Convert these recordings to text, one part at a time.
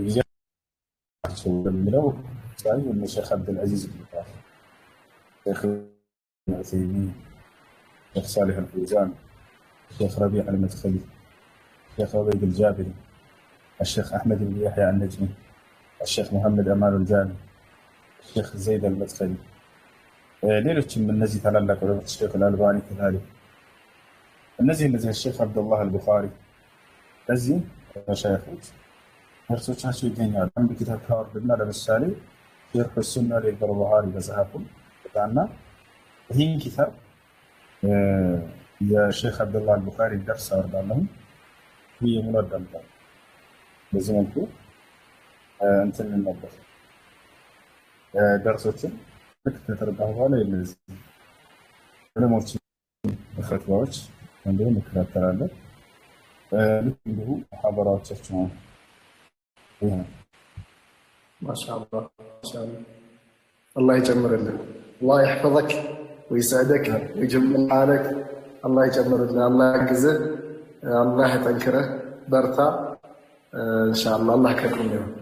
الشيخ عبد العزيز بن باز الشيخ العثيمين الشيخ صالح الفوزان الشيخ ربيع المدخلي الشيخ عبيد الجابري الشيخ أحمد بن يحيى النجمي الشيخ محمد أمان الجاني الشيخ زيد المدخلي إيه، ሌሎችም እነዚህ ታላላቅ الشيخ الالباني كذلك ከዛሌ እነዚህ الشيخ عبد الله البخاري እዚህ መሻይኾች ነርሶቻቸው ይገኛሉ። አንድ ኪታብ ካወርድና ለምሳሌ ሼርሁ ሱና ለበርባሃሪ በጸሐፉ ጣና ይህን ኪታብ የሼክ አብደላ አልቡኻሪ ደርስ አወርዳለሁ ብየሙሉ አዳምጣል። በዚህ መልኩ እንትን ነበር ደርሶችን ልክ ከተረዳሁ በኋላ የለዚ ዕለሞችን ፈትዋዎች እንዲሁም እከታተላለሁ። ልክ እንዲሁ ነው ما شاء الله ما شاء الله الله يجمر لنا الله يحفظك ويسعدك نعم. ويجمل حالك الله يجمر لنا الله يعزك الله يتنكره برتا ان شاء الله الله يكرمك اليوم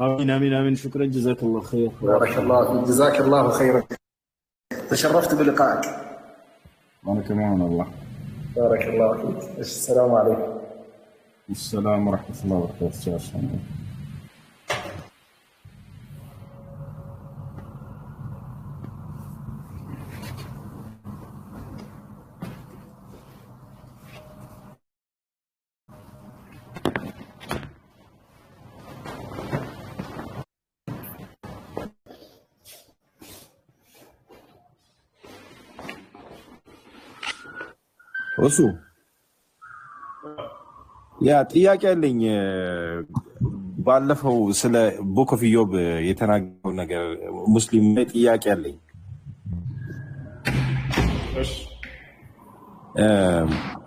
امين امين امين شكرا جزاك الله خير بارك الله فيك جزاك الله خيرا تشرفت بلقائك وانا كمان والله بارك الله فيك السلام عليكم Ассаламу рахматуллахи ва баракатуху. Расул, ያ ጥያቄ አለኝ። ባለፈው ስለ ቡክ ኦፍ ኢዮብ የተናገረው ነገር ሙስሊም ላይ ጥያቄ አለኝ።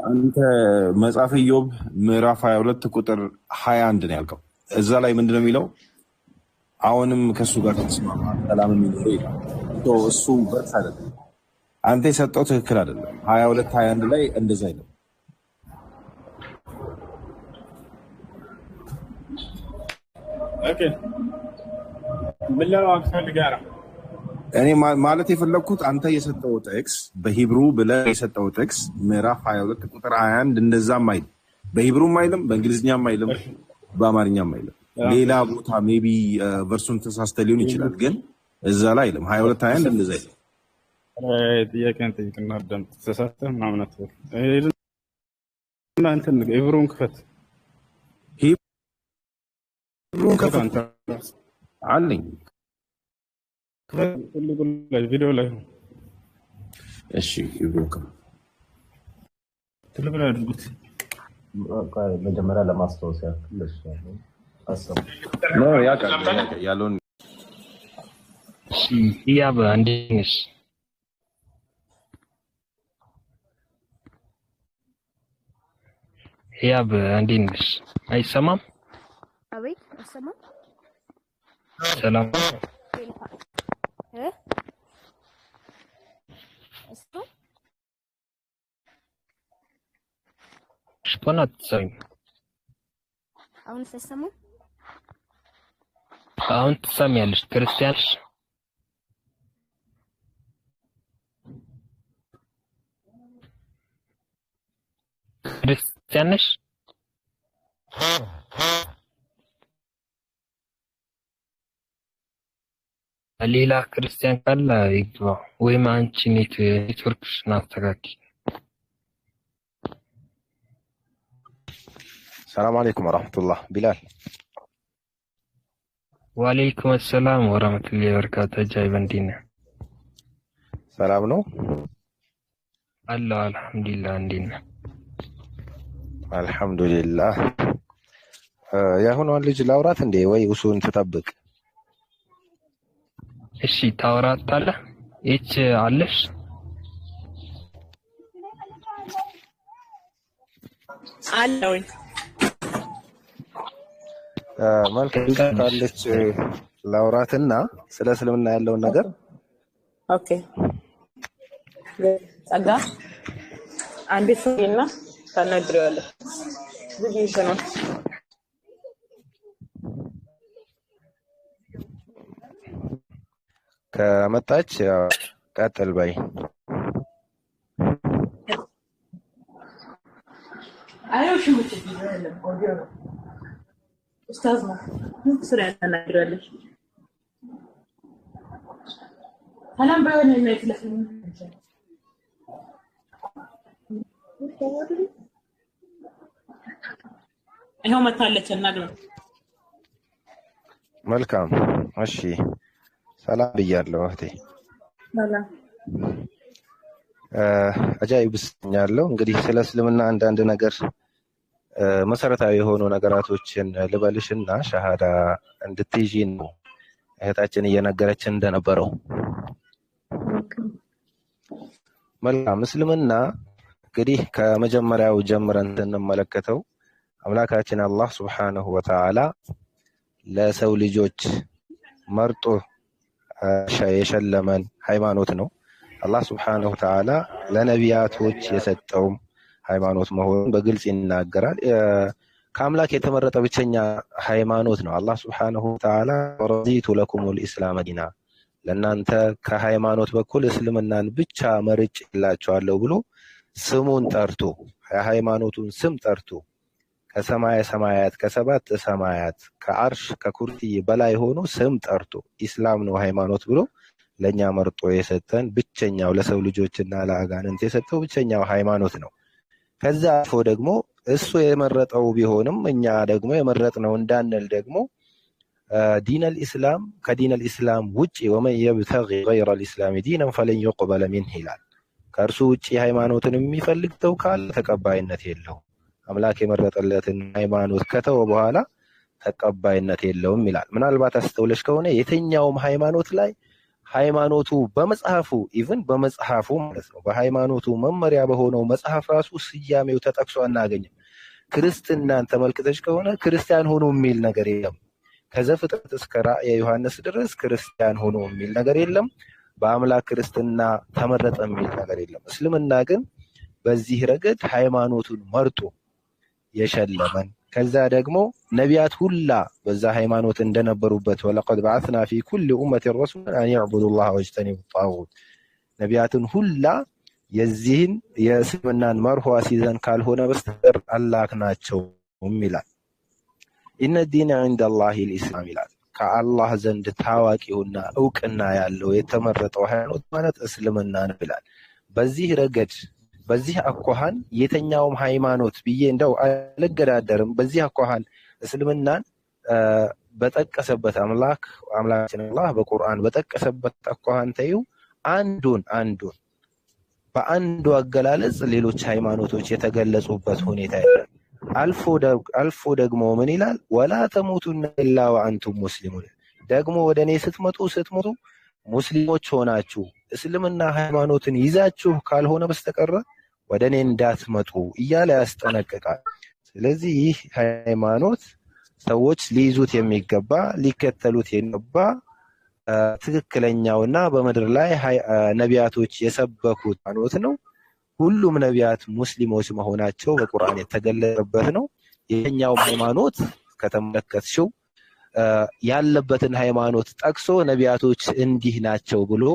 አንተ መጽሐፍ ኢዮብ ምዕራፍ 22 ቁጥር 21 ነው ያልከው። እዛ ላይ ምንድነው ነው የሚለው? አሁንም ከእሱ ጋር ተስማማ ሰላም የሚኖረው ይላል። እሱ በርስ አይደለም። አንተ የሰጠው ትክክል አይደለም። 22 21 ላይ እንደዛ ይለው እኔ ማለት የፈለግኩት አንተ የሰጠው ጥቅስ በሂብሩ ብለ የሰጠው ጥቅስ ምዕራፍ 22 ቁጥር 21 እንደዛም አይልም፣ በሂብሩም አይልም፣ በእንግሊዝኛም አይልም፣ በአማርኛም አይልም። ሌላ ቦታ ቢ ቨርሱን ተሳስተ ሊሆን ይችላል፣ ግን እዛ ላይ አይልም። 22 21 እንደዛ አይልም። ጥያቄን ጠይቅና ደምጥ ተሳስተ ምናምን አትበል። ሂብሩን ክፈት ብሩን ከፍቶ አለኝ ቪዲዮ ላይ ነው። እሺ ትልቅ ላይ አድርጉት። መጀመሪያ ለማስታወስ ያክል ያለውን ያበ እንዴት ነሽ? ያበ እንዴት ነሽ? አይሰማም Você não? Você não? Hã? Estou? Estou na tsaim. Aonde Eles crescem. Cristianas? ሌላ ክርስቲያን ካለ ይግባ፣ ወይም አንቺ ኔትወርክሽን አስተካክል። ሰላም አለይኩም ወራህመቱላህ። ቢላል ወአለይኩም ሰላም ወራህመቱላህ ወበረካቱ። ጃይብ እንዴት ነህ? ሰላም ነው አለሁ። አልሐምዱሊላህ። እንዴት ነህ? አልሐምዱሊላህ። የአሁኗን ልጅ ላውራት እንዴ? ወይ እሱን ትጠብቅ እሺ ታወራታለህ? ኤች አለሽ? አለውኝ። መልካም ካለች ላውራትና ስለ እስልምና ያለውን ነገር ኦኬ። ጸጋ አንዴ ሱሪና ታናግሪዋለህ ዝግ ነው ከመጣች ቀጥል በይ። ይኸው መታለች። እናግረው። መልካም እሺ። ሰላም ብያለሁ እህቴ። አጃይብ ብስኛለሁ። እንግዲህ ስለ እስልምና አንዳንድ ነገር መሰረታዊ የሆኑ ነገራቶችን ልበልሽና ሻሃዳ እንድትይዥ ነው እህታችን እየነገረችን እንደነበረው። መልካም። እስልምና እንግዲህ ከመጀመሪያው ጀምረን ስንመለከተው አምላካችን አላህ ሱብሓነሁ ወተዓላ ለሰው ልጆች መርጦ የሸለመን ሃይማኖት ነው። አላህ ስብሓነሁ ወተዓላ ለነቢያቶች የሰጠውም ሃይማኖት መሆኑን በግልጽ ይናገራል። ከአምላክ የተመረጠ ብቸኛ ሃይማኖት ነው። አላህ ስብሓነሁ ወተዓላ ረዚቱ ለኩሙል ኢስላመ ዲና፣ ለእናንተ ከሃይማኖት በኩል እስልምናን ብቻ መርጬላችኋለሁ ብሎ ስሙን ጠርቶ የሃይማኖቱን ስም ጠርቶ ከሰማያ ሰማያት ከሰባት ሰማያት ከአርሽ ከኩርትይ በላይ ሆኖ ስም ጠርቶ ኢስላም ነው ሃይማኖት ብሎ ለእኛ መርጦ የሰጠን ብቸኛው ለሰው ልጆችና ለአጋንንት የሰጠው ብቸኛው ሃይማኖት ነው። ከዛ አልፎ ደግሞ እሱ የመረጠው ቢሆንም እኛ ደግሞ የመረጥነው እንዳንል ደግሞ ዲን ኢስላም ከዲን ኢስላም ውጭ ወመን የብተጊ ገይረል ኢስላሚ ዲነን ፈለን ዩቅበለ ሚንሁ ይላል። ከእርሱ ውጭ ሃይማኖትን የሚፈልግ ተው ካለ ተቀባይነት የለውም። አምላክ የመረጠለትን ሃይማኖት ከተወ በኋላ ተቀባይነት የለውም ይላል። ምናልባት አስተውለሽ ከሆነ የትኛውም ሃይማኖት ላይ ሃይማኖቱ በመጽሐፉ ኢቭን በመጽሐፉ ማለት ነው በሃይማኖቱ መመሪያ በሆነው መጽሐፍ ራሱ ስያሜው ተጠቅሶ አናገኝም። ክርስትናን ተመልክተች ከሆነ ክርስቲያን ሆኖ የሚል ነገር የለም። ከዘፍጥረት እስከ ራእየ ዮሐንስ ድረስ ክርስቲያን ሆኖ የሚል ነገር የለም። በአምላክ ክርስትና ተመረጠ የሚል ነገር የለም። እስልምና ግን በዚህ ረገድ ሃይማኖቱን መርጦ የሸለመን ከዛ ደግሞ ነቢያት ሁላ በዛ ሃይማኖት እንደነበሩበት ወለቀድ በዓትና ፊ ኩል ኡመት ረሱላን አን ያዕቡዱ ላህ ወጅተኒቡ ጣጉት ነቢያትን ሁላ የዚህን የእስልምናን መርሆ አስይዘን ካልሆነ በስተቀር አላክ ናቸው ይላል። ኢነ ዲነ ዒንደ ላሂ ልኢስላም ይላል። ከአላህ ዘንድ ታዋቂውና እውቅና ያለው የተመረጠው ሃይማኖት ማለት እስልምና ነው ይላል። በዚህ ረገድ በዚህ አኳኋን የተኛውም ሃይማኖት ብዬ እንደው አልገዳደርም። በዚህ አኳኋን እስልምናን በጠቀሰበት አምላክ አምላካችን አላህ በቁርአን በጠቀሰበት አኳኋን ተዩ አንዱን አንዱን በአንዱ አገላለጽ ሌሎች ሃይማኖቶች የተገለጹበት ሁኔታ ያለ አልፎ ደግሞ ምን ይላል? ወላ ተሞቱና ኢላ ወአንቱም ሙስሊሙን። ደግሞ ወደ እኔ ስትመጡ ስትሞቱ ሙስሊሞች ሆናችሁ እስልምና ሃይማኖትን ይዛችሁ ካልሆነ በስተቀረ ወደ እኔ እንዳትመጡ እያለ ያስጠነቅቃል። ስለዚህ ይህ ሃይማኖት ሰዎች ሊይዙት የሚገባ ሊከተሉት የሚገባ ትክክለኛውና በምድር ላይ ነቢያቶች የሰበኩት ሃይማኖት ነው። ሁሉም ነቢያት ሙስሊሞች መሆናቸው በቁርአን የተገለጸበት ነው። ይህኛውም ሃይማኖት ከተመለከትሽው ያለበትን ሃይማኖት ጠቅሶ ነቢያቶች እንዲህ ናቸው ብሎ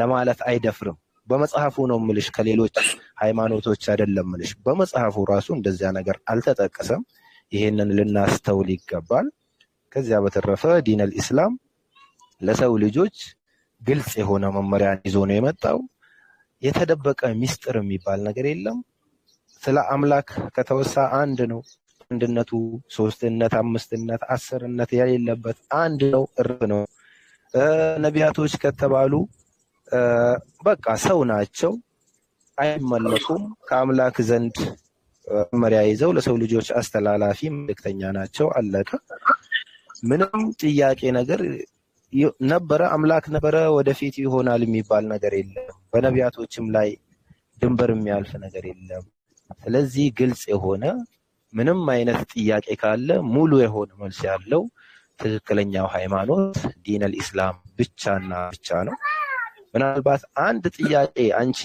ለማለት አይደፍርም። በመጽሐፉ ነው ምልሽ፣ ከሌሎች ሃይማኖቶች አይደለም ምልሽ። በመጽሐፉ ራሱ እንደዚያ ነገር አልተጠቀሰም። ይሄንን ልናስተውል ይገባል። ከዚያ በተረፈ ዲነል ኢስላም ለሰው ልጆች ግልጽ የሆነ መመሪያን ይዞ ነው የመጣው። የተደበቀ ሚስጥር የሚባል ነገር የለም። ስለ አምላክ ከተወሳ አንድ ነው። አንድነቱ ሶስትነት፣ አምስትነት፣ አስርነት የሌለበት አንድ ነው፣ እርብ ነው። ነቢያቶች ከተባሉ በቃ ሰው ናቸው፣ አይመለኩም። ከአምላክ ዘንድ መመሪያ ይዘው ለሰው ልጆች አስተላላፊ መልእክተኛ ናቸው። አለቀ። ምንም ጥያቄ ነገር ነበረ አምላክ ነበረ ወደፊት ይሆናል የሚባል ነገር የለም። በነቢያቶችም ላይ ድንበር የሚያልፍ ነገር የለም። ስለዚህ ግልጽ የሆነ ምንም አይነት ጥያቄ ካለ ሙሉ የሆነ መልስ ያለው ትክክለኛው ሃይማኖት ዲን ኢስላም ብቻና ብቻ ነው። ምናልባት አንድ ጥያቄ አንቺ